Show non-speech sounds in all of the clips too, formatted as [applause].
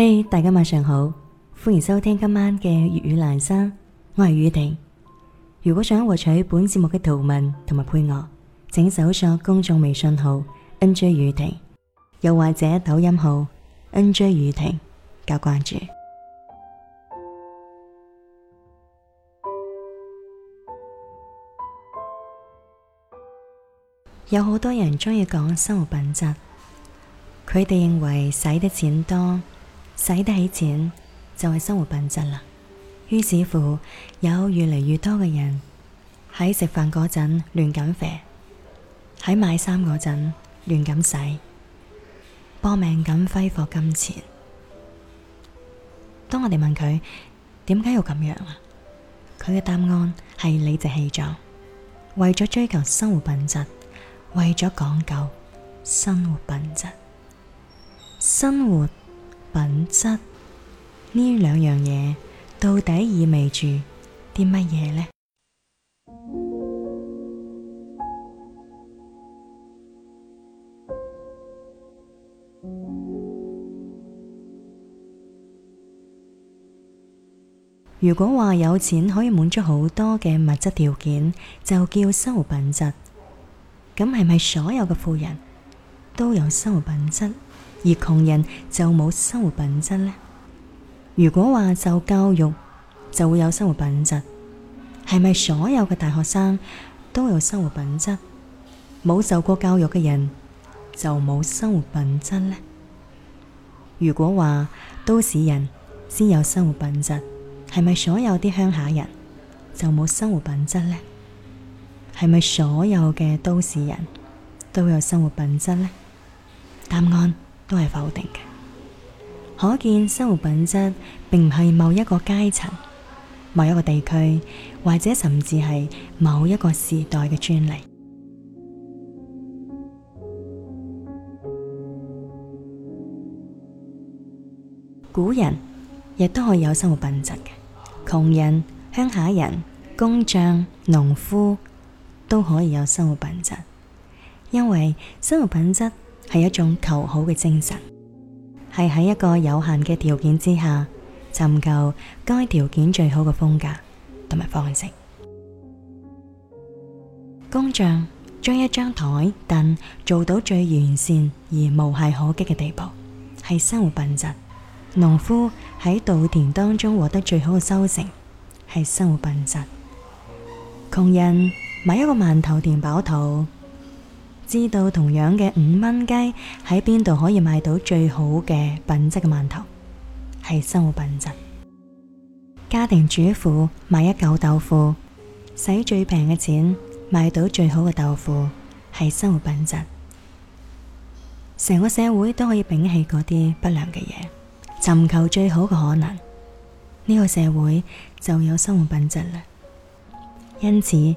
嘿，hey, 大家晚上好，歡迎收聽今晚嘅粵語欄生，我係宇婷。如果想獲取本節目嘅圖文同埋配樂，請搜索公眾微信號 N J 宇婷，又或者抖音號 N J 宇婷，加關注。 [music] 有好多人鍾意講生活品質，佢哋認為使得錢多。使得起錢就係、是、生活品質啦。於是乎，有越嚟越多嘅人，喺食飯嗰陣亂咁肥，喺買衫嗰陣亂咁使，搏命咁揮霍金錢。當我哋問佢點解要咁樣啊？佢嘅答案係理直氣壯，為咗追求生活品質，為咗講究生活品質，生活品質，呢兩樣嘢到底意味住啲乜嘢呢？如果話有錢可以滿足好多嘅物質條件，就叫生活品質。咁係咪所有嘅富人都有生活品質？而窮人就冇生活品質呢？如果話就教育就會有生活品質，係咪所有嘅大學生都有生活品質？冇受過教育嘅人就冇生活品質呢？如果話都市人先有生活品質，係咪所有啲鄉下人就冇生活品質呢？係咪所有嘅都市人都有生活品質呢？答案。都係否定嘅，可見生活品質並唔係某一個階層、某一個地區或者甚至係某一個時代嘅專利。 [music] 古人亦都可以有生活品質嘅，窮人、鄉下人、工匠、農夫都可以有生活品質，因為生活品質，係一種求好嘅精神，係喺一個有限嘅條件之下，尋求該條件最好嘅風格同埋方式。工匠將一張台凳做到最完善而無懈可擊嘅地步，係生活品質；農夫喺稻田當中獲得最好嘅收成，係生活品質。窮人買一個饅頭填飽肚。知道同樣嘅五蚊雞喺邊度可以買到最好嘅品質嘅饅頭，係生活品質。家庭主婦買一舊豆腐，使最平嘅錢買到最好嘅豆腐，係生活品質。成個社會都可以摒棄嗰啲不良嘅嘢，尋求最好嘅可能，呢個社會就有生活品質啦。因此，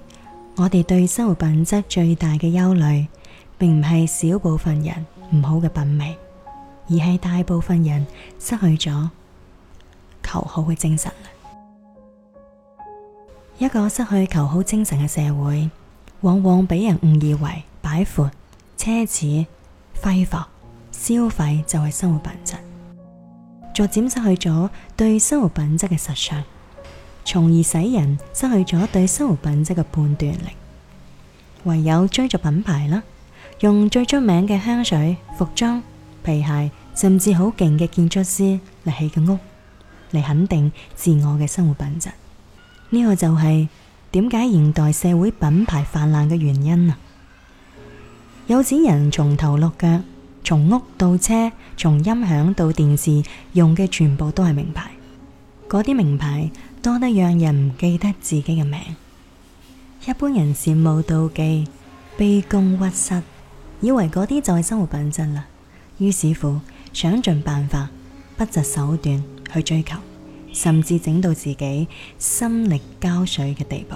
我哋對生活品質最大嘅憂慮，並唔係少部分人唔好嘅品味，而係大部分人失去咗求好嘅精神。一個失去求好精神嘅社會，往往俾人誤以為擺闊、奢侈、揮霍、消費就係生活品質，逐漸失去咗對生活品質嘅實相，從而使人失去咗對生活品質嘅判斷力，唯有追逐品牌啦。用最出名嘅香水、服裝、皮鞋，甚至好勁嘅建築師嚟起嘅屋，嚟肯定自我嘅生活品質。呢個就係點解現代社會品牌泛濫嘅原因啊！ [noise] 有錢人從頭落腳，從屋到車，從音響到電視，用嘅全部都係名牌。嗰啲名牌多得讓人唔記得自己嘅名。一般人羨慕妒忌，卑躬屈膝。以為嗰啲就係生活品質啦，於是乎想盡辦法，不擇手段去追求，甚至整到自己心力交瘁嘅地步。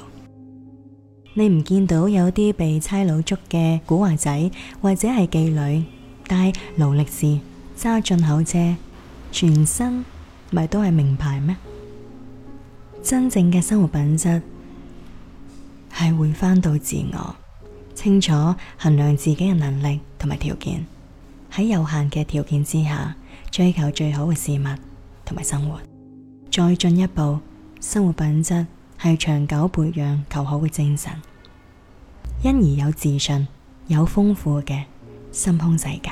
你唔見到有啲被差佬捉嘅古惑仔或者係妓女，戴勞力士揸進口車，全身咪都係名牌咩？真正嘅生活品質係會返到自我。清楚衡量自己嘅能力同埋條件，喺有限嘅條件之下追求最好嘅事物同埋生活。再進一步，生活品質係長久培養求好嘅精神，因而有自信、有豐富嘅心空世界。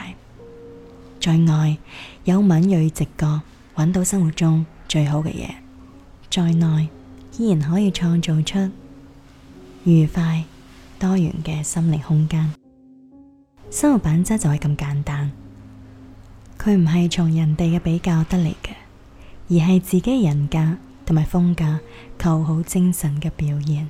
在外有敏銳直覺，揾到生活中最好嘅嘢；在內依然可以創造出愉快。多元嘅心靈空間，生活品質就係咁簡單。佢唔係從人哋嘅比較得嚟嘅，而係自己人格同埋風格、求好精神嘅表現。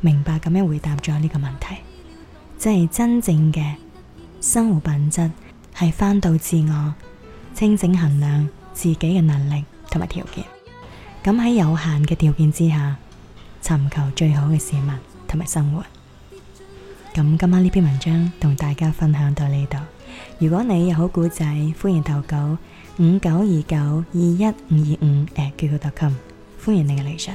明白咁樣回答咗呢個問題，即係真正嘅生活品質係返到自我，清醒衡量自己嘅能力同埋條件，咁喺有限嘅條件之下，尋求最好嘅事物同埋生活。咁今晚呢篇文章同大家分享到呢度。如果你有好故仔，歡迎投稿五九二九二一五二五誒，QQ.com，歡迎你嘅理想。